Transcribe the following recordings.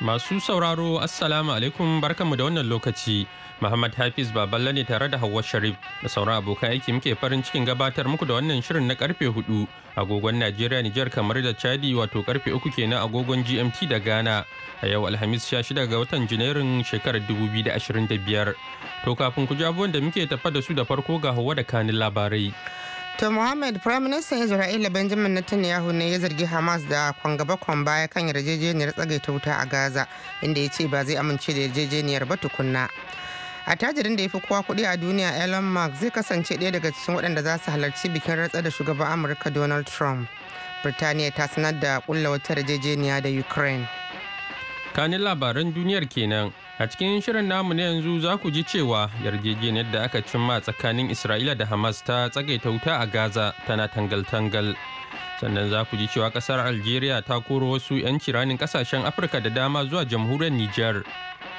Masu sauraro Assalamu alaikum barkanmu da wannan lokaci. Muhammad Hafiz Baballe ne tare da Hauwa Sharif da sauran abokan aiki muke farin cikin gabatar muku da wannan shirin na karfe 4 agogon Najeriya Nijar kamar da Chadi wato karfe uku kenan agogon GMT da Ghana a yau Alhamis 16 ga watan Janairun shekarar 2025. To kafin ku ji abubuwan da muke tafa da su da farko ga Hauwa da kanin labarai. To Mohammed Prime Minister Isra'ila Benjamin Netanyahu ne ya zargi Hamas da kwangaba baya kan yarjejeniyar tsagaita wuta a Gaza inda ya ce ba zai amince da yarjejeniyar ba tukunna. a tajirin da ya fi kowa kuɗi a duniya elon musk zai kasance ɗaya daga cikin waɗanda za su halarci bikin ratsa da shugaban amurka donald trump birtaniya ta sanar da ƙulla wata yarjejeniya da ukraine kanin labaran duniyar kenan A cikin shirin namu na yanzu za ku ji cewa yarjejeniyar da aka cimma tsakanin Isra'ila da Hamas ta tsagaita wuta a Gaza tana tangal-tangal. Sannan za ku ji cewa kasar Algeria ta koro wasu 'yan ciranin kasashen Afirka da dama zuwa jamhuriyar Nijar.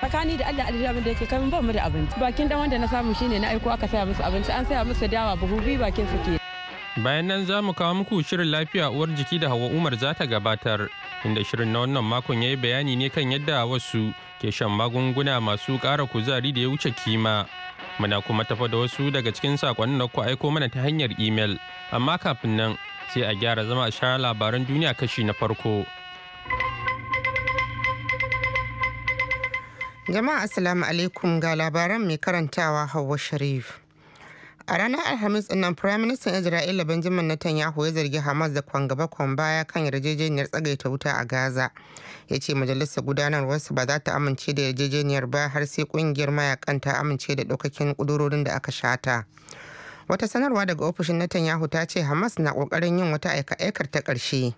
Tsakani da Allah alhamdu da yake kamin ba mu da abinci. Bakin dan wanda na samu shine na aiko aka saya musu abinci an saya musu dawa buhu biyu bakin su Bayan nan za mu kawo muku shirin lafiya uwar jiki da Hawa Umar za ta gabatar. Inda shirin na wannan makon ya yi bayani ne kan yadda wasu ke shan magunguna masu ƙara kuzari da ya wuce kima. Muna kuma tafa da wasu daga cikin saƙonnin da ku aiko mana ta hanyar imel, amma kafin nan sai a gyara zama a share labaran duniya kashi na farko. Jama'a Assalamu alaikum ga labaran mai karantawa Hauwa Sharif. A ranar Alhamis Firayim Firaministan Isra'ila Benjamin Netanyahu ya zargi Hamas da kwangaba baya kan yarjejeniyar tsagaita wuta a Gaza. Ya ce majalisar gudanarwarsu ba za ta amince da yarjejeniyar ba har sai kungiyar mayakan ta amince da ɗaukakin ƙudurorin da aka shata. Wata sanarwa daga ofishin Netanyahu ta ce Hamas na ƙoƙarin yin wata aika-aikar ta ƙarshe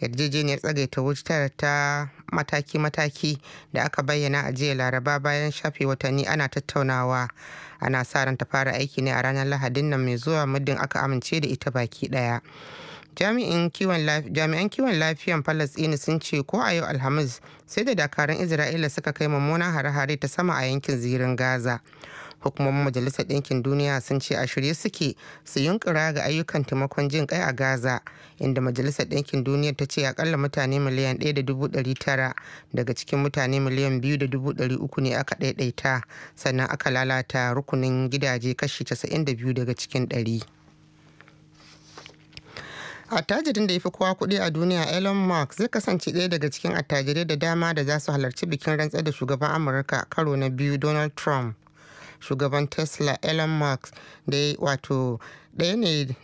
yarjejeniyar tsagaita wutar ta mataki-mataki da aka bayyana a jiya laraba bayan shafe watanni ana tattaunawa ana sa ran ta fara aiki ne a ranar lahadin nan mai zuwa muddin aka amince da ita baki daya jami'an kiwon lafiyan falasɗini sun ce ko a yau alhamis sai da dakarun isra'ila suka kai mummunan hare-hare ta sama a yankin zirin gaza hukumomin majalisar ɗinkin duniya sun ce a shirye suke su yunkura ga ayyukan taimakon jin kai a gaza inda majalisar ɗinkin duniya ta ce akalla mutane miliyan 1.9 daga cikin mutane miliyan 2.3 ne aka ɗaiɗaita sannan aka lalata rukunin gidaje kashi 92 daga cikin 100 attajirin da ya fi kowa kuɗi a duniya elon musk zai kasance ɗaya daga cikin attajirai da dama da za su halarci bikin rantsar da shugaban amurka karo na biyu donald trump shugaban tesla elon musk da wato ɗaya ne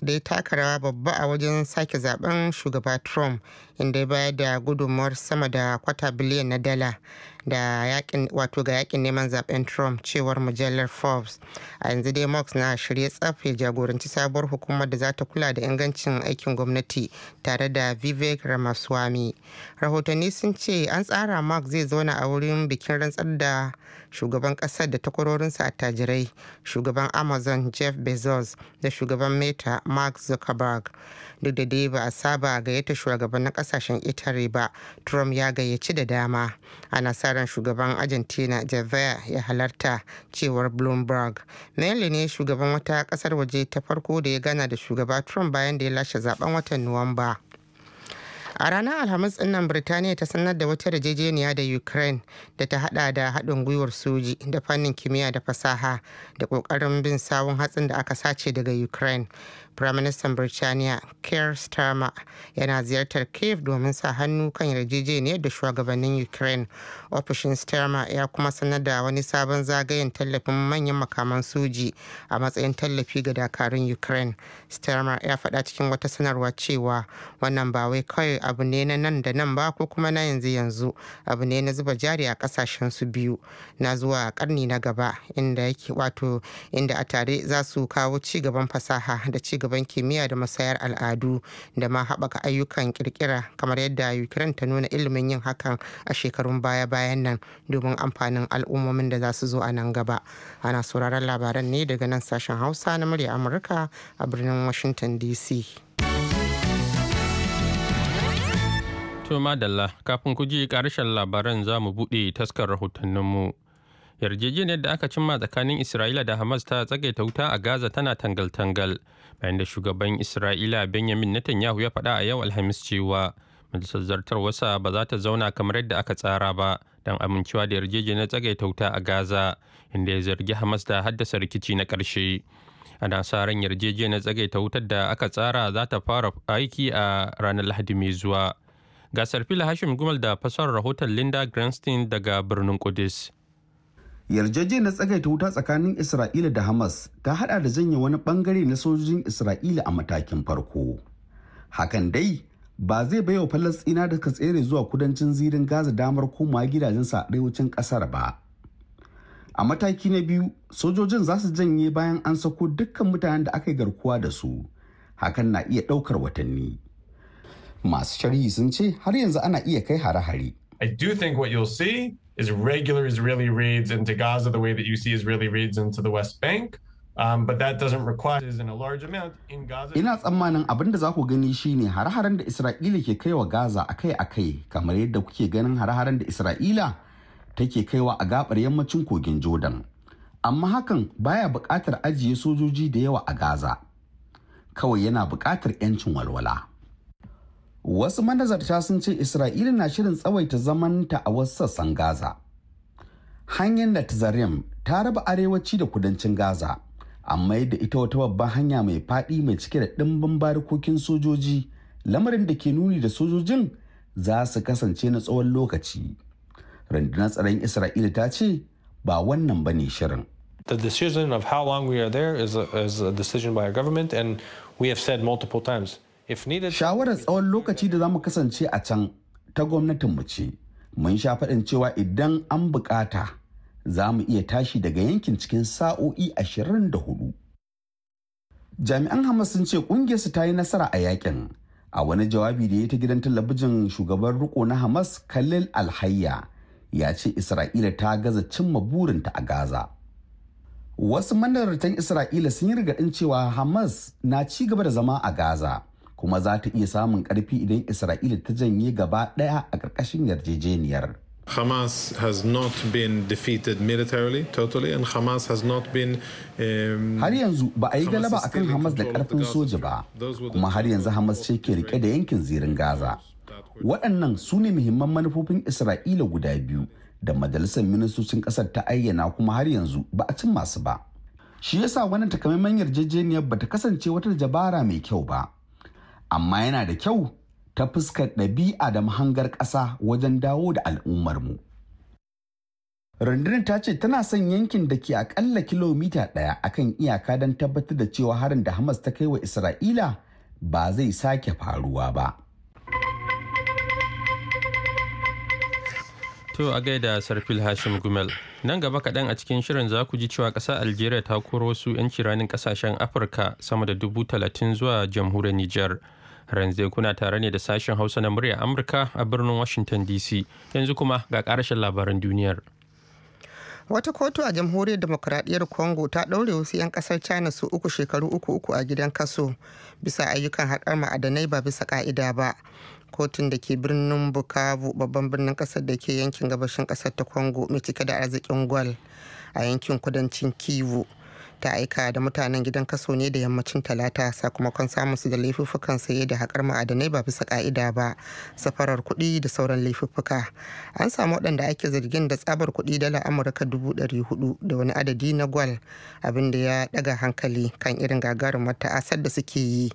da ya taka rawa babba a wajen sake zaben shugaba trump inda ya bayar da gudunmuwar sama da kwata biliyan na dala da yakin wato ga yakin neman zaben Trump cewar mujallar Forbes. A yanzu dai Mox na shirye tsaf ya jagoranci sabuwar hukumar da za ta kula da ingancin aikin gwamnati tare da Vivek Ramaswamy. Rahotanni sun ce an tsara Mox zai zauna a wurin bikin rantsar da shugaban kasar da takwarorinsa a tajirai shugaban amazon jeff bezos da shugaban meta mark zuckerberg duk da dai ba a saba gayyata shugabannin kasashen itare ba trump ya gayyaci da dama ana sa sa shugaban argentina javier ya halarta cewar bloomberg mele ne shugaban wata kasar waje ta farko da ya gana da shugaba trump bayan da ya lashe zaben watan nuwamba a ranar alhamis nan birtaniya ta sanar da wata yarjejeniya da ukraine da ta hada da haɗin gwiwar soji da fannin kimiyya da fasaha da ƙoƙarin bin sawun hatsin da aka sace daga ukraine Firaministan Birtaniya Keir Starmer yana ziyartar Kiev domin sa hannu kan yarjejeniyar da shugabannin Ukraine. Ofishin Starmer ya kuma sanar da wani sabon zagayen tallafin manyan makaman soji a matsayin tallafi ga dakarun Ukraine. Starmer ya faɗa cikin wata sanarwa cewa wannan ba wai kawai abu ne na nan da nan ba ko kuma na yanzu yanzu abu ne na zuba jari a kasashen su biyu na zuwa karni na gaba inda yake wato inda a tare za su kawo ci gaban fasaha da ci gaban shugaban kimiyya da masayar al'adu da ma haɓaka ayyukan kirkira kamar yadda ukraine ta nuna ilimin yin hakan a shekarun baya-bayan nan domin amfanin al'ummomin da za su zo a nan gaba ana sauraron labaran ne daga nan sashen hausa na murya amurka a birnin washington dc to madalla kafin ku ji karshen labaran za mu buɗe taskar rahotanninmu yarjejeniyar da aka cimma tsakanin isra'ila da hamas ta tsagaita wuta a gaza tana tangal-tangal bayan da shugaban isra'ila benjamin netanyahu ya faɗa a yau alhamis cewa majalisar wasa ba za ta zauna kamar yadda aka tsara ba don amincewa da yarjejeniyar tsagaita wuta a gaza inda ya zargi hamas da haddasa rikici na ƙarshe ana sa ran yarjejeniyar tsagaita wutar da aka tsara za ta fara aiki a ranar lahadi mai zuwa gasar fila hashim gumal da fasar rahoton linda grandstein daga birnin kudus yarjejeniyar tsagaita wuta tsakanin isra'ila da hamas ta hada da janye wani bangare na sojojin isra'ila a matakin farko hakan dai ba zai baiwa falastina da tsere zuwa kudancin zirin gaza damar koma sa a arewacin kasar ba a mataki na biyu sojojin za su janye bayan an sako dukkan mutanen da aka yi garkuwa da su hakan na iya ɗaukar watanni masu sharhi sun ce har yanzu ana iya kai hare-hare I do think what you'll see is regular Israeli raids into Gaza the way that you see Israeli raids into the West Bank. Um, but that doesn't require is in a large amount in Gaza. Ina tsammanin abin da za ku gani shine har-haren da Isra'ila ke kaiwa Gaza akai-akai kamar yadda kuke ganin har da Isra'ila take kaiwa a gabar yammacin kogin Jordan. Amma hakan baya buƙatar ajiye sojoji da yawa a Gaza. Kawai yana buƙatar 'yancin walwala. wasu manazarta sun ce isra'ila na shirin tsawaita zamanta a wasu sassan gaza hanyar netzarim ta raba arewaci da kudancin gaza amma yadda ita wata babban hanya mai faɗi mai cike da ɗimbin barikokin sojoji lamarin da ke nuni da sojojin za su kasance na tsawon lokaci rundunar tsaron isra'ila ta ce ba wannan ba ne shirin The decision of how long we are there is a, is a decision by our government, and we have said multiple times shawarar tsawon lokaci da za mu kasance a can ta gwamnatinmu ce mun sha faɗin cewa idan an bukata za mu iya tashi daga yankin cikin sa'o'i ashirin da hudu. jami'an hamas sun ce ƙungiyarsu ta yi nasara a yakin a wani jawabi da ya ta gidan talabijin shugaban riko na hamas khalil alhayya ya ce isra'ila ta gaza cimma burinta a gaza wasu manarartan isra'ila sun yi rigaɗin cewa hamas na ci gaba da zama a gaza kuma za ta iya samun karfi idan Isra'ila ta janye gaba ɗaya a karkashin yarjejeniyar. Hamas has not been defeated militarily totally and Hamas has not been um, har yanzu ba a yi galaba akan Hamas da karfin soja ba kuma har yanzu Hamas ce ke rike da yankin zirin Gaza waɗannan su ne muhimman manufofin Isra'ila guda biyu da majalisar ministocin ƙasar ta ayyana kuma har yanzu ba a cin masu ba shi yasa wannan takamaiman yarjejeniyar ba ta kasance wata jabara mai kyau ba amma yana da kyau ta fuskar ɗabi'a da mahangar ƙasa wajen dawo da al'ummarmu. rundunar ta ce tana son yankin da ke akalla kilomita ɗaya akan iyaka don tabbatar da cewa harin da hamas ta kai wa isra'ila ba zai sake faruwa ba To a gaida Sarfil Hashim Gumel. Nan gaba kaɗan a cikin shirin za ku ji cewa ƙasa Algeria ta koro wasu 'yanci ranin ƙasashen Afirka sama da dubu talatin zuwa jamhuriyar Nijar. Ranzai kuna tare ne da sashen Hausa na murya Amurka a birnin Washington DC. Yanzu kuma ga karashin labaran duniyar. Wata kotu a jamhuriyar demokuraɗiyyar Congo ta ɗaure wasu 'yan ƙasar China su uku shekaru uku uku a gidan kaso bisa ayyukan haƙar ma'adanai ba bisa ƙa'ida ba. Kotun da ke birnin Bukavu babban birnin kasar da ke yankin gabashin ƙasar ta Congo mai cike da arzikin gwal a yankin kudancin Kivu. ta aika da mutanen gidan kaso ne da yammacin talata sakamakon samun su da laifuffukan saye da haƙar ma'adanai ba bisa ka'ida ba safarar kuɗi da sauran laifuffuka an samu waɗanda ake zargin da tsabar kuɗi dala amurka dubu ɗari hudu da wani adadi na gwal abin da ya ɗaga hankali kan irin gagarumar ta'asar da suke yi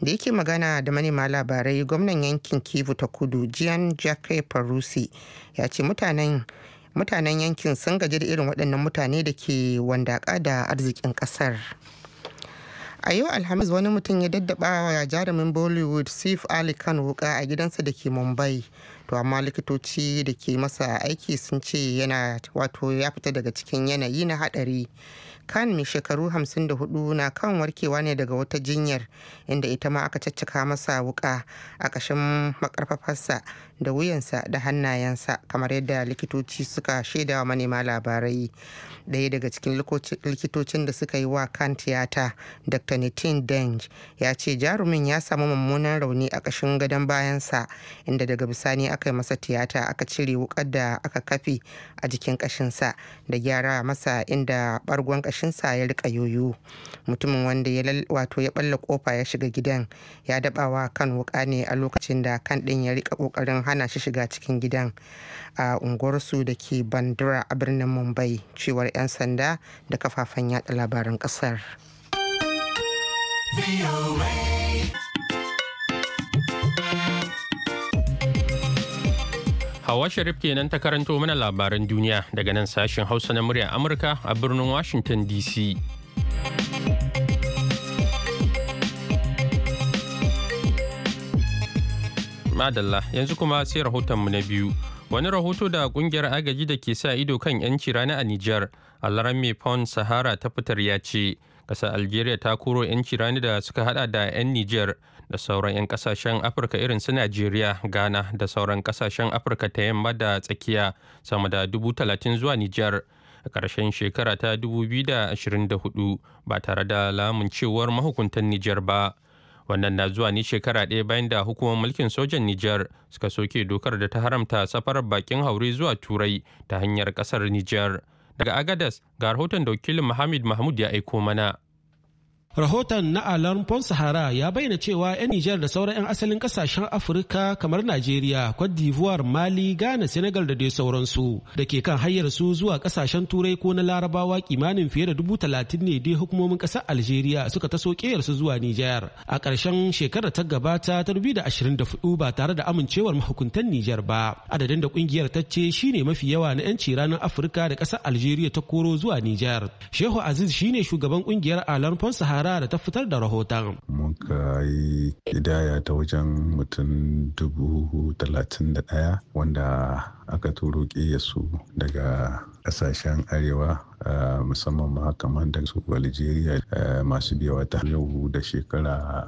da yake magana da manema labarai gwamnan yankin kivu ta kudu jian jake farusi ya ce mutanen mutanen yankin sun gaji da irin waɗannan mutane da ke wandaƙa da arzikin ƙasar a yau alhamis wani mutum ya daddaba wa jarumin bollywood sif ali Kan, wuka a gidansa da ke mumbai to amma likitoci da ke masa aiki sun ce yana wato ya fita daga cikin yanayi na haɗari khan mai shekaru 54 na kan warkewa ne daga wata jinyar inda ita ma aka caccaka masa wuka a ƙashin makarfafarsa da wuyansa da hannayensa kamar yadda likitoci suka shaida wa manema labarai ɗaya daga cikin likitocin da suka yi wa kan tiyata dr nitin deng ya ce jarumin ya samu mummunan rauni a ƙashin gadon bayansa inda daga bisani aka yi masa tiyata aka cire wukar da aka kafe a jikin ƙashinsa da gyara masa inda bargon ƙashin goshinsa ya rika yoyo mutumin wanda ya wato ya balla kofa ya shiga gidan ya dabawa kan wuka ne a lokacin da kan din ya rika ƙoƙarin hana shi shiga cikin gidan a unguwarsu da ke bandura a birnin mumbai cewar 'yan sanda da kafafen yada labaran ƙasar. Hawa Sharif kenan ta karanto mana labaran duniya daga nan sashen Hausa na muryar Amurka a birnin Washington DC. Madalla yanzu kuma sai rahotonmu na biyu. Wani rahoto da kungiyar agaji da ke sa ido kan 'yanci rana a Nijar, Alarame Pond Sahara ta fitar ya ce, ƙasar Algeria ta koro 'yanci rani da suka hada da 'yan Nijar da sauran 'yan kasashen afirka irin su najeriya ghana da sauran kasashen afirka ta yamma da tsakiya sama da dubu talatin zuwa nijar a ƙarshen shekara ta hudu, ba tare da lamun cewar mahukuntan nijar ba wannan na zuwa ne shekara ɗaya bayan da hukumar mulkin sojan nijar suka soke dokar da ta haramta safarar bakin haure zuwa turai ta hanyar ƙasar nijar daga agadas ga rahoton da wakilin muhammad mahmud ya aiko mana Rahoton na Alarm Pon Sahara ya bayyana cewa 'yan Nijar da sauran 'yan asalin kasashen Afirka kamar Najeriya, Cote d'Ivoire, Mali, Ghana, Senegal da dai sauransu da ke kan hanyar su zuwa kasashen Turai ko na Larabawa kimanin fiye da dubu talatin ne dai hukumomin ƙasar Algeria suka taso su zuwa Nijar. A ƙarshen shekarar ta gabata ta hudu ba tare da amincewar mahukuntan Nijar ba. Adadin da ƙungiyar ta ce shine mafi yawa na 'yanci ranar Afirka da ƙasar Algeria ta koro zuwa Nijar. Shehu Aziz shi ne shugaban ƙungiyar Alarm Sahara Zara da ta fitar da rahoton. Muka yi idaya ta wajen mutum dubu talatin da ɗaya wanda aka turo su daga ƙasashen arewa musamman ma kamar da su algeria masu biyawa ta yau da shekara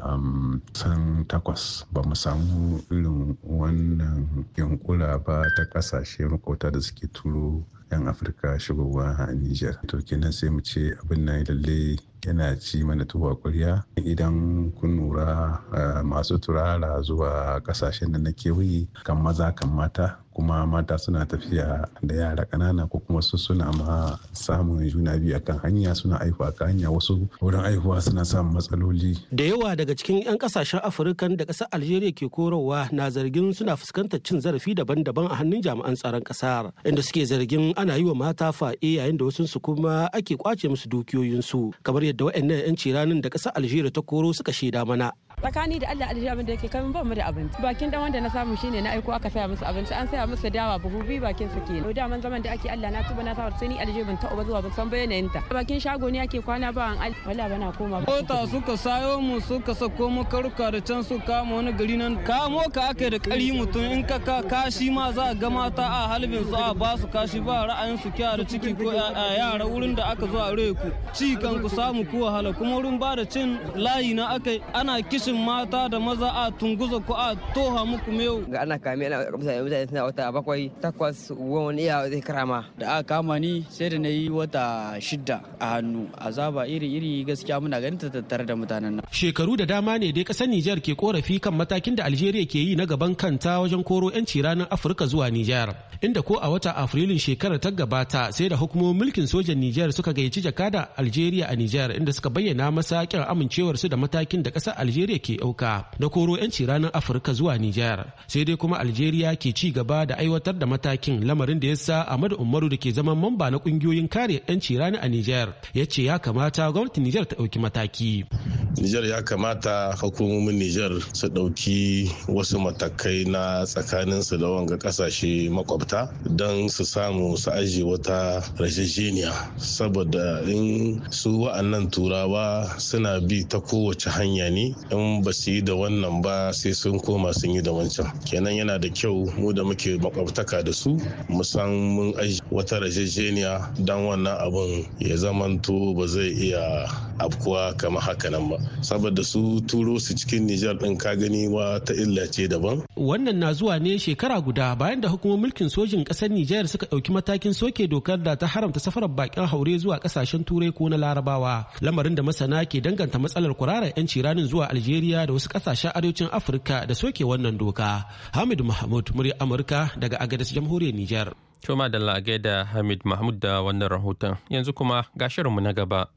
san takwas ba mu samu irin wannan yankura ba ta ƙasashe makauta da suke turo 'yan afirka shigowa a niger to kenan sai mu ce abin na lalle yana ci mana tuwa kurya idan kun lura eh, masu turara zuwa ƙasashen da na kewaye kan maza kan mata kuma mata suna tafiya da yara ƙanana ko kuma su suna ma samun juna biyu akan hanya suna aihuwa kan hanya wasu wurin aihuwa suna samun matsaloli. Da yawa daga cikin 'yan kasashen afirka da ƙasar Algeria ke korowa na zargin suna fuskantar cin zarafi daban-daban a hannun jami'an tsaron ƙasar inda suke zargin ana yi wa mata fa'e yayin da wasu su kuma ake kwace musu dukiyoyinsu kamar yadda waɗannan 'yanci ranar da ƙasar Algeria ta koro suka shaida mana. tsakani da Allah alhaji abin da yake kai ba mu da abinci bakin dan wanda na samu shine na aiko aka saya musu abinci an saya musu dawa buhu biyu bakin su kenan da man zaman da ake Allah na tuba na sa sai ni alhaji ban taɓa zuwa ban san bayanin ta bakin shago ne ake kwana ba an al wala bana koma ba ta suka sayo mu suka sako mu karuka da can su kama wani gari nan kamo ka aka da kari mutum in ka ka kashi ma za ga mata a halbin su a ba su kashi ba ra'ayin su da ciki ko a yara wurin da aka zo a ku ci kan ku samu ku wahala kuma wurin ba da cin layi na aka ana kishin mata da maza a tunguza ko a toha muku yau. ga ana kame ana kamsa mutane suna wata bakwai takwas wani iya zai karama da aka kama ni sai da na yi wata shidda a hannu azaba iri-iri gaskiya muna ganin ta tattare da mutanen nan shekaru da dama ne dai kasar Nijar ke korafi kan matakin da Algeria ke yi na gaban kanta wajen koro 'yanci ranar Afirka zuwa Nijar inda ko a wata Afrilun shekarar ta gabata sai da hukumomin mulkin sojan Nijar suka gayyaci jakada Algeria a Nijar inda suka bayyana masa kin amincewarsu da matakin da kasar Algeria ne ke ɗauka na koro 'yanci ranar Afirka zuwa Nijar. Sai dai kuma Algeria ke ci gaba da aiwatar da matakin lamarin da ya sa Amadu Umaru da ke zaman mamba na ƙungiyoyin kare 'yanci rani a Nijar ya ce ya kamata gwamnatin Nijar ta ɗauki mataki. Nijar ya kamata hukumomin Nijar su ɗauki wasu matakai na tsakanin su da wanga ƙasashe makwabta don su samu su aji wata rajajeniya saboda in su wa'annan turawa suna bi ta kowace hanya ne in ba su yi da wannan ba sai sun koma sun yi da wancan kenan yana da kyau mu da muke makwabtaka da su mu san mun aji wata rajajeniya don wannan abun ya zamanto ba zai iya afkuwa kamar haka nan ba saboda su turo su cikin nijar din ka gani wa ta illa ce daban wannan na zuwa ne shekara guda bayan da hukumar mulkin sojin kasar nijar suka ɗauki matakin soke dokar da ta haramta safarar bakin haure zuwa kasashen turai ko na larabawa lamarin da masana ke danganta matsalar kurarar yanci ranin zuwa algeria da wasu kasashen arewacin afirka da soke wannan doka hamid mahmud murya amurka daga agadas jamhuriyar nijar Toma da Lage da Hamid Mahmud da wannan rahoton. Yanzu kuma ga shirinmu na gaba.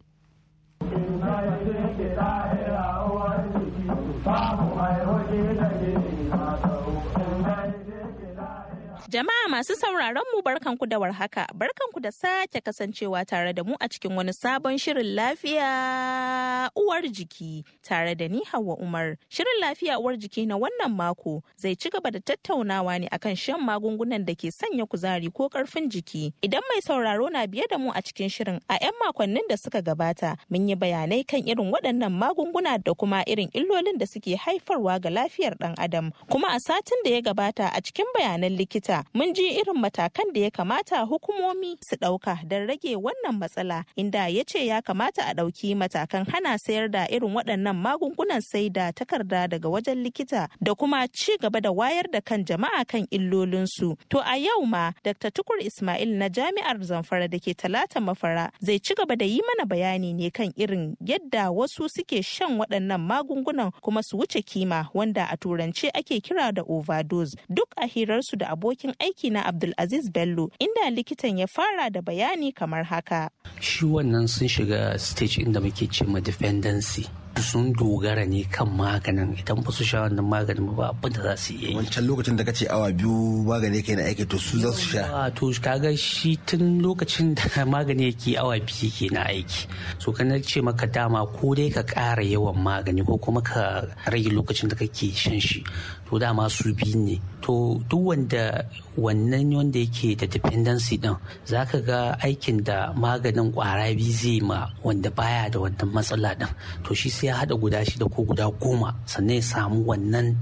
Jama'a masu sauraron mu barkanku da warhaka, barkanku da sake kasancewa tare da mu a cikin wani sabon shirin lafiya uwar jiki tare da ni Hauwa Umar. Shirin lafiya uwar jiki na wannan mako zai ci gaba da tattaunawa ne akan shan magungunan da ke sanya kuzari ko karfin jiki. Idan mai sauraro na biye da mu a cikin shirin a 'yan makonnin da suka gabata mun yi bayanai kan irin waɗannan magunguna da kuma irin illolin da suke haifarwa ga lafiyar ɗan adam. Kuma a satin da ya gabata a cikin bayanan likita mun ji irin matakan da ya kamata hukumomi su ɗauka don rage wannan matsala inda ya ce ya kamata a ɗauki matakan hana sayar da irin waɗannan magungunan sai da takarda daga wajen likita da kuma ci gaba da wayar da kan jama'a kan illolinsu. To a yau ma Dr. Tukur Ismail na Jami'ar Zamfara da ke Talata Mafara zai ci gaba da yi mana bayani ne kan irin yadda wasu suke shan waɗannan magungunan kuma su wuce kima wanda a turance ake kira da overdose duk a hirarsu da abokin abokin aiki na Abdulaziz Bello inda likitan ya fara da bayani kamar haka. Shi wannan sun shiga stage inda muke ce ma dependency. sun dogara ne kan maganin idan ba su sha wannan maganin ba abin da za su yi wancan lokacin da kace awa biyu magani yake na aiki to su za su sha to kaga shi tun lokacin da magani yake awa biyu yake na aiki so kana ce maka dama ko dai ka ƙara yawan magani ko kuma ka rage lokacin da kake shan shi to dama su biyu ne to duk wanda wannan wanda yake da dependency din zaka ga aikin da maganin kwara biyu zai ma wanda baya da wannan matsala din to shi sai ya haɗa guda shida ko guda goma sannan ya samu wannan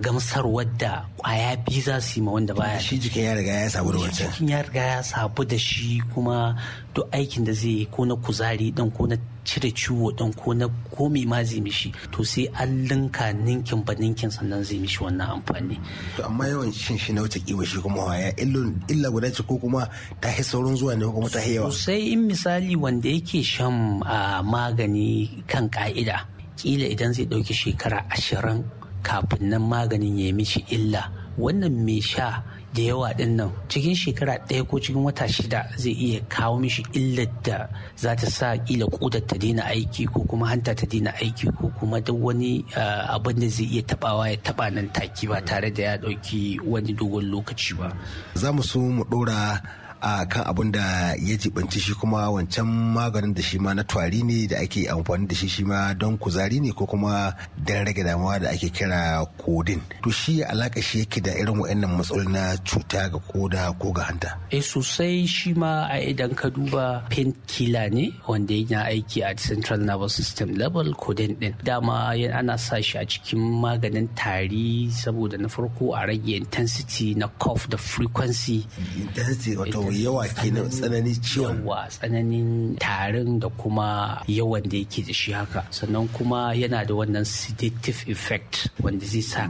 gamsar wadda kwaya biyu za su yi ma wanda baya shi jikin ya riga ya sabu da wancan jikin ya riga ya sabu da shi kuma duk aikin da zai yi ko na kuzari dan ko na cire ciwo dan ko na komai ma zai mishi to sai an linka ninkin ba ninkin sannan zai mishi wannan amfani to amma yawan cin shi na wuce kiba shi kuma waya illa guda ce ko kuma ta hi saurin zuwa ne kuma ta hi yawa sai in misali wanda yake shan ah, magani kan ka'ida kila idan zai ɗauki shekara ashirin kafin nan maganin ya mishi illa wannan mai sha da yawa din cikin shekara ɗaya ko cikin wata shida zai iya kawo mishi illar da za ta sa ƙila ƙudar ta daina aiki ko kuma hanta ta daina aiki ko kuma duk wani eh, abin da zai iya tabawa ya taba nan taki ba tare da ya ɗauki wani dogon lokaci ba za mu so mu ɗora a kan abun da ya jibanci shi kuma wancan maganin da shi ma na twari ne da ake amfani da shi shi ma don kuzari ne ko kuma don rage damuwa da ake kira kodin to shi alaka shi yake da irin wa'annan matsaloli na cuta ga koda ko ga hanta eh sosai shi ma a idan ka duba killer ne wanda yana aiki a central nervous system level kodin din dama ana sa shi a cikin maganin tari saboda na farko a rage intensity na cough da frequency intensity wato yawa kenan tsananin ciwon yawa tsananin tarin da kuma yawan da yake da shi haka sannan kuma yana da wannan sedative effect wanda zai sa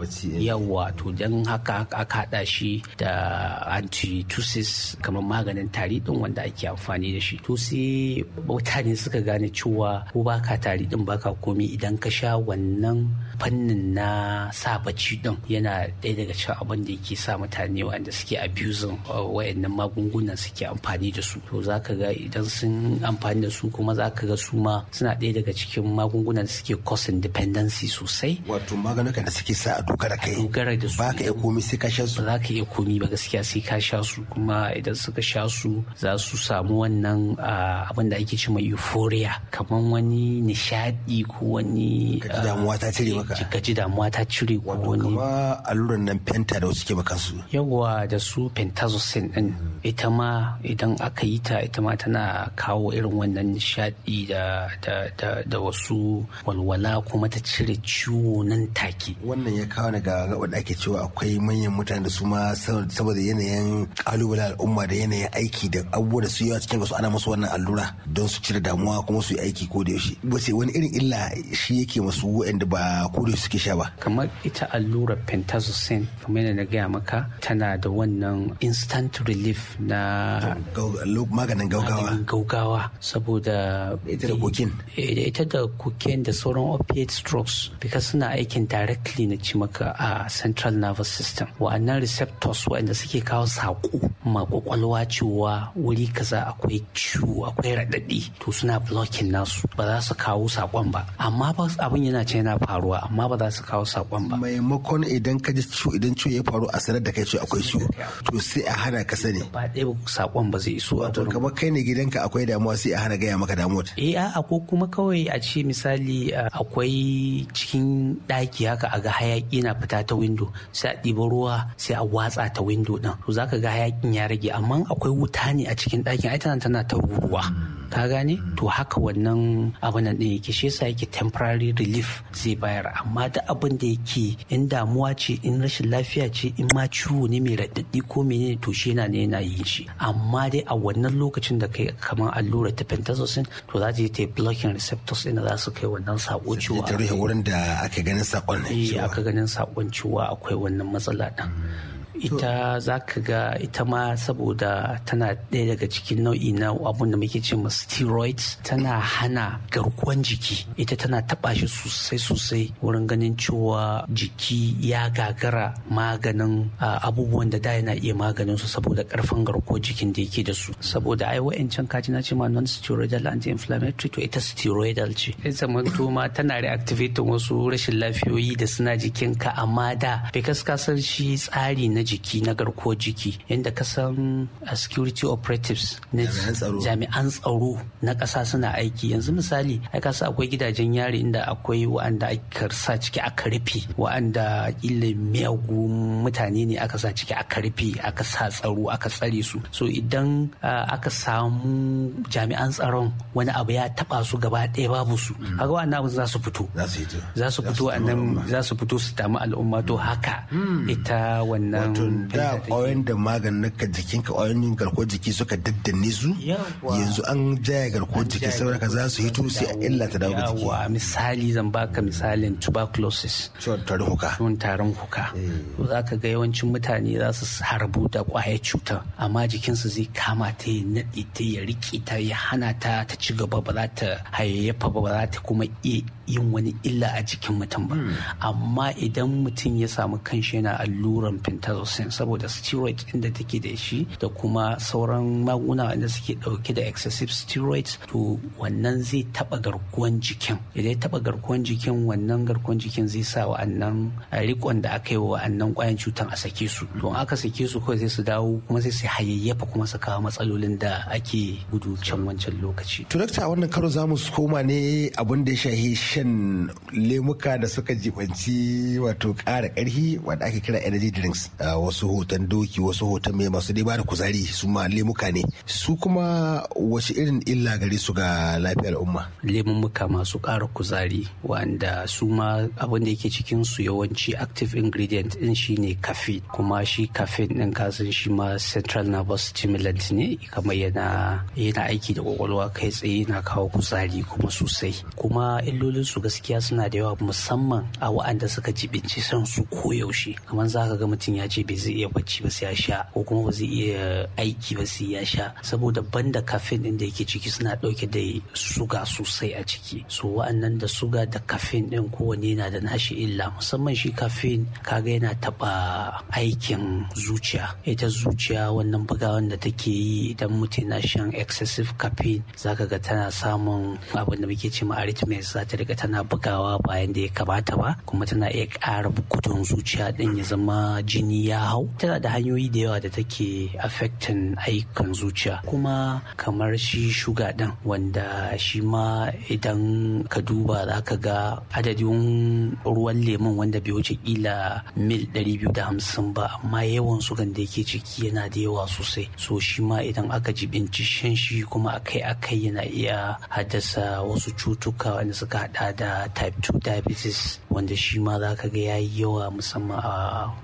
bacci eh. yawa to don haka aka hada shi da antitusis kamar maganin tari din wanda ake amfani da shi to sai mutane suka gane cewa ko baka tari din baka komi idan ka sha wannan fannin na sa bacci din yana ɗaya daga cikin abin da yake sa mutane wanda suke abuzin uh, wayannan magungunan suke amfani da su to zaka ga idan sun amfani da su kuma zaka ga su ma suna ɗaya daga cikin magungunan suke causing dependency sosai wato ka da suke sa a dogara kai dogara da su baka iya komi sai ka sha su ba ka iya komi ba gaskiya sai ka sha su kuma idan suka sha su za su samu wannan uh, abin da ake cewa euphoria kamar wani nishadi ko wani damuwa ta cire uh, maka ka ji damuwa ta cire ko wani kuma alluran nan penta da suke maka su yawa da su pentazocin din hmm. ita ma idan aka yi ta ita ma tana kawo irin wannan nishadi da da da, da wasu walwala kuma ta cire ciwo nan take wannan ya kawo ne ga wanda ake cewa akwai manyan mutane da su ma saboda yanayin kalubale al'umma da yanayin aiki da abubuwa da su yawa cikin su ana musu wannan allura don su cire damuwa kuma su yi aiki ko da yaushe wace wani irin illa shi yake masu wa'anda ba kure suke sha ba kamar ita allurar pentazocin kamar yadda na gaya maka tana da wannan instant relief na maganin gaugawa gaugawa saboda ita da kokin eh, ita da kokin da sauran opiate strokes bika suna aikin directly na ci maka a central nervous system wa'annan receptors waɗanda suke kawo saƙo ma kwakwalwa cewa wuri kaza akwai ciwo akwai raɗaɗi to suna blocking nasu ba za su kawo saƙon ba amma abin yana ce yana faruwa amma ba za su kawo sakon ba maimakon idan ka ji ciwo idan ciwo ya faru a sanar da kai ciwo akwai ciwo to sai a hana ka sani ba ɗaya sakon ba zai iso a to kamar kai ne gidanka akwai damuwa sai a hana gaya maka damuwa eh a'a ko kuma kawai a ce misali akwai cikin ɗaki haka a ga hayaƙi na fita ta windo sai a ɗiba ruwa sai a watsa ta windo ɗin to za ka ga hayaƙin ya rage amma akwai wuta ne a cikin ɗakin ai tana tana ta ruruwa ka gane to haka wannan abin nan ɗin yake shi yasa yake temporary relief zai bayar amma da abin da yake in damuwa ce in rashin lafiya ce in ma ciwo ne mai raɗaɗɗi ko mene to shi yana ne yana yin shi amma dai a wannan lokacin da kai kamar allura ta pentazocin to za ta yi ta yi blocking receptors ɗin za su kai wannan sako ciwo ta rufe wurin da aka ganin sakon ne eh, aka ganin akwai wannan matsala ɗin ita za ka ga ita ma saboda tana ɗaya daga cikin nau'i na abun da muke ce ma steroids tana hana garkuwan jiki ita tana taɓa shi sosai sosai wurin ganin cewa jiki ya gagara maganin abubuwan da da yana iya maganin su saboda karfin garkuwar jikin da yake da su saboda ai wa'ancan kaji na ce ma non steroidal anti-inflammatory to ita steroidal ce ya zamanto ma tana reactivating wasu rashin lafiyoyi da suna jikinka amma da bai kaskasar shi tsari na jiki na garkuwar jiki inda kasan san uh, security operatives na jami'an tsaro na ƙasa suna aiki yanzu misali ai ka akwai gidajen yari inda akwai wa'anda aka sa ciki aka rufe wa'anda kila miyagu mutane ne aka sa ciki aka rufe aka sa tsaro aka tsare su so idan uh, aka samu jami'an tsaron wani abu ya taba su gaba ɗaya babu su mm. kaga wa'annan abu za su fito za su fito za su fito su damu al'umma to mm. haka mm. ita wannan Wato da ƙwayoyin da maganin ka jikin ka ƙwayoyin garkuwar jiki suka daddane su yanzu an jaya garkuwar jiki saboda ka za su hito sai a illa ta dawo jiki. misali zan baka misalin tuberculosis. Tarin huka. Tun tarin huka. Eh. Za ka ga yawancin mutane za su harbu da ƙwayar cutar amma jikinsu zai kama ta ya naɗe ta ya riƙe ta ya hana ta ta ci gaba ba za ta hayayyafa ba za ta kuma iya yin wani illa a jikin mutum ba. Hmm. Amma idan mutum ya samu kanshi yana allurar fentanyl levothyroxine saboda steroid inda da take da shi da kuma sauran maguna da suke dauke da excessive steroids to wannan zai taba garkuwan jikin idan ya taba garkuwan jikin wannan garkuwan jikin zai sa wa'annan rikon da aka yi wa wa'annan kwayan cutan a sake su don aka sake su kawai zai su dawo kuma zai su hayayyafa kuma su kawo matsalolin da ake gudu can wancan lokaci. to dakta wannan karo zamu mu koma ne abun da ya shahi shan lemuka da suka jibanci wato kara ƙarfi wanda ake kira energy drinks ah, wasu hoton doki wasu hoton mai masu dai bada kuzari su ma lemuka ne su kuma wace irin illa gare su ga lafiyar umma muka masu ƙara kuzari wanda su ma abin da yake cikin su yawanci active ingredient din shine caffeine kuma shi caffeine din kasan shi ma central nervous stimulant ne kamar yana yana aiki da kwakwalwa kai tsaye yana kawo kuzari kuma sosai kuma illolin su gaskiya suna da yawa musamman a wa'anda suka jibinci san su koyaushe kamar za ka ga mutum ya ce ba zai iya bacci ba sai ya sha ko kuma ba zai iya aiki ba sai ya sha saboda banda caffeine din da yake ciki suna dauke da suga sosai a ciki so wa'annan da suga da caffeine din kowanne yana da nashi illa musamman shi caffeine kaga yana taba aikin zuciya ita zuciya wannan bugawan da take yi idan mutum na shan excessive caffeine zaka ga tana samun abin da muke cewa arrhythmia za ta riga tana bugawa bayan da ya kamata ba kuma tana iya ƙara gudun zuciya din ya zama jini ya hau tana da hanyoyi da yawa da take affecting aikin zuciya kuma kamar shi shuga din wanda shi ma idan ka duba za ka ga adadin ruwan lemon wanda bai wuce kila mil 250 ba amma yawan sugan da yake ciki yana da yawa sosai so shi ma idan aka jibinci shan shi kuma akai-akai yana iya haddasa wasu cutuka wanda suka hada da type 2 diabetes wanda shi ma za ka ga yayi yawa musamman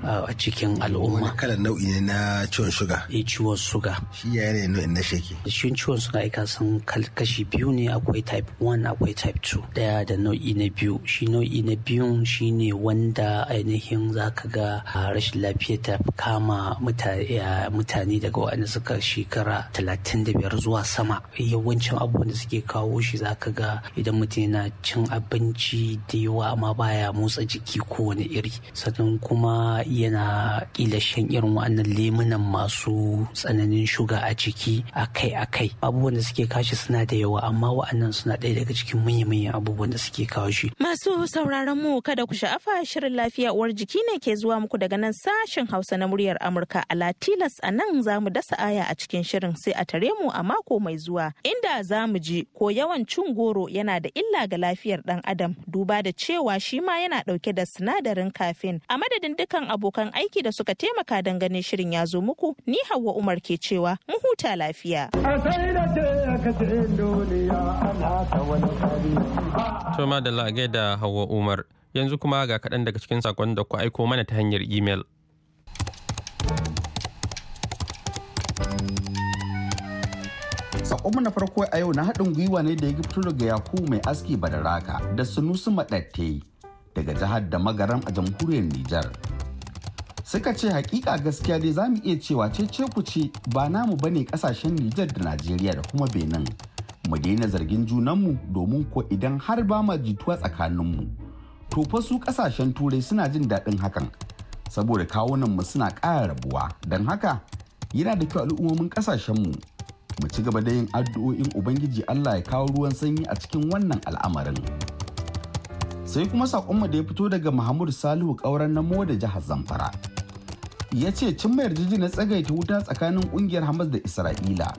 a cikin cikin al'umma wani kalan nau'i ne na ciwon suga eh ciwon suga shi ya ne nau'in na sheke shi ciwon suga ya san kashi biyu ne akwai type 1 akwai type 2 daya da nau'i na biyu shi nau'i na shi shine wanda ainihin za ka ga rashin lafiya ta kama mutane daga waɗanda suka shekara talatin da biyar zuwa sama yawancin abubuwan da suke kawo shi za ka ga idan mutum yana cin abinci da yawa amma baya motsa jiki kowane iri sannan kuma yana kila shan irin wa'annan lemunan masu tsananin shuga a ciki akai-akai abubuwan da suke kashi suna da yawa amma wa'annan suna ɗaya daga cikin manya-manyan abubuwan da suke kawo shi. Masu sauraron mu kada ku sha'afa shirin lafiya uwar jiki ne ke zuwa muku daga nan sashen Hausa na muryar Amurka a Latilas a nan za mu dasa aya a cikin shirin sai a tare mu a mako mai zuwa inda za mu ji ko yawan cin goro yana da illa ga lafiyar ɗan adam duba da cewa shi ma yana ɗauke da sinadarin kafin a madadin dukkan abokan aiki da suka taimaka don ganin shirin ya zo muku ni hawa Umar ke cewa mu huta lafiya. Toma da lagai da hawa Umar yanzu kuma ga kaɗan daga cikin sakon da ku aiko mana ta hanyar imel. sakonmu na farko a yau na haɗin gwiwa ne da ya fito daga yaku mai aski badaraka da sunusu maɗatte daga jihar da magaram a jamhuriyar Nijar suka ce hakika gaskiya dai za mu iya cewa ce-ce ku ce ba namu bane kasashen Nijar da Najeriya da kuma Benin. Mu daina zargin junanmu domin ko idan har ba ma jituwa tsakaninmu. To fa su kasashen turai suna jin daɗin hakan saboda kawunanmu suna ƙara rabuwa don haka yana da kyau al'ummomin kasashenmu mu ci gaba da yin addu'o'in ubangiji Allah ya kawo ruwan sanyi a cikin wannan al'amarin. Sai kuma saƙonmu da ya fito daga Muhammadu Salihu ƙauren na da jihar Zamfara. ya ce cimma yarjejeniyar tsagaita wuta tsakanin kungiyar hamas da isra'ila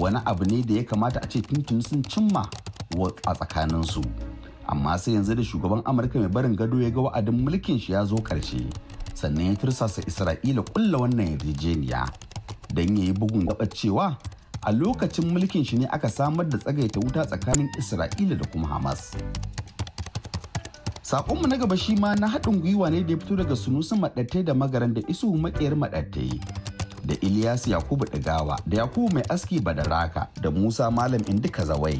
wani abu ne da ya kamata a ce tuntun sun cimma a tsakaninsu amma sai yanzu da shugaban amurka mai barin gado ya ga wa'adin mulkin shi ya zo karshe sannan ya tursasa isra'ila kulla wannan yarjejeniya don ya yi bugun gabar cewa a lokacin mulkin shi ne aka samar da tsagaita wuta tsakanin isra'ila da kuma hamas Saƙonmu na gaba shi ma na haɗin gwiwa ne da ya fito daga sunusun maɗattai da magaran da isu maƙiyar maɗattai. Da Ilyas Yakubu Ɗigawa da Yakubu Mai Aski Badaraka da Musa Malam in duka Zawai.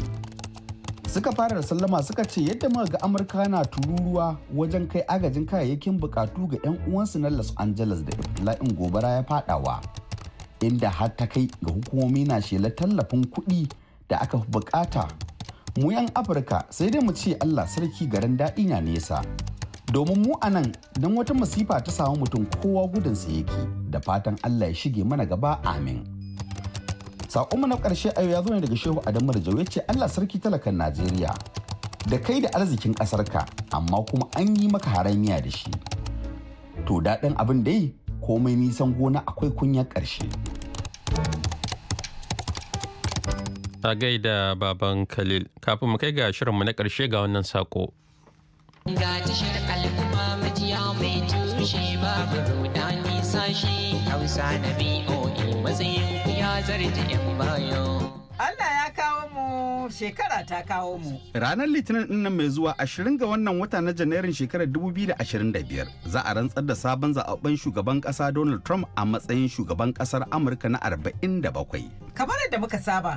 Suka fara da sallama suka ce yadda muka ga Amurka na tururuwa wajen kai agajin kayayyakin bukatu ga 'yan uwansu na Los Angeles da ibtila'in gobara ya fadawa. Inda har ta kai ga hukumomi na shela tallafin kuɗi da aka bukata mu yan afirka sai dai mu ce allah sarki garin daɗi na nesa domin mu a nan don wata masifa ta samu mutum kowa gudunsa yake da fatan allah ya shige mana gaba amin saƙonmu na ƙarshe a yau ya zo ne daga shehu adamu da ya ce allah sarki talakan najeriya da kai da arzikin ka, amma kuma an yi maka haramiya da shi to daɗin abin da dai komai nisan gona akwai kunyar ƙarshe A gaida baban Khalil, kafin mu kai ga shirinmu na ƙarshe ga wannan sako. Ga tashar al'umma majiya mai tushe babu rudani sashi Hausa na BOA matsayin ya zarta 'yan bayo. Allah ya kawo mu shekara ta kawo mu. Ranar Litinin dinnan mai zuwa 20 ga wannan wata na Janairun shekarar 2025 za a rantsar da sabon zaɓen shugaban ƙasa Donald Trump a matsayin shugaban ƙasar Amurka na 47. Kamar da muka saba,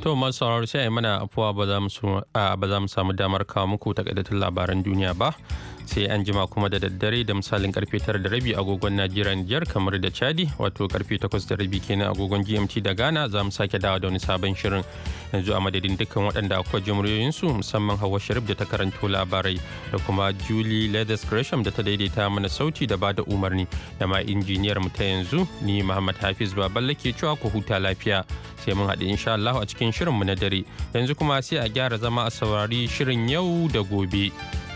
To masu sauraro sai mana afuwa ba za mu samu damar kawo muku takaitattun labaran duniya ba. sai an jima kuma da daddare da misalin karfe tara da rabi agogon najeriya nijar kamar da chadi wato karfe takwas da rabi kenan agogon gmt da ghana za mu sake dawa da wani sabon shirin yanzu a madadin dukkan waɗanda akwai jimriyoyinsu musamman hawa sharif da ta karanto labarai da kuma julie leathers gresham da ta daidaita mana sauti da bada umarni da ma injiniyar mu ta yanzu ni muhammad hafiz baballa ke cewa ku huta lafiya sai mun haɗu insha Allah a cikin shirin mu na dare yanzu kuma sai a gyara zama a saurari shirin yau da gobe.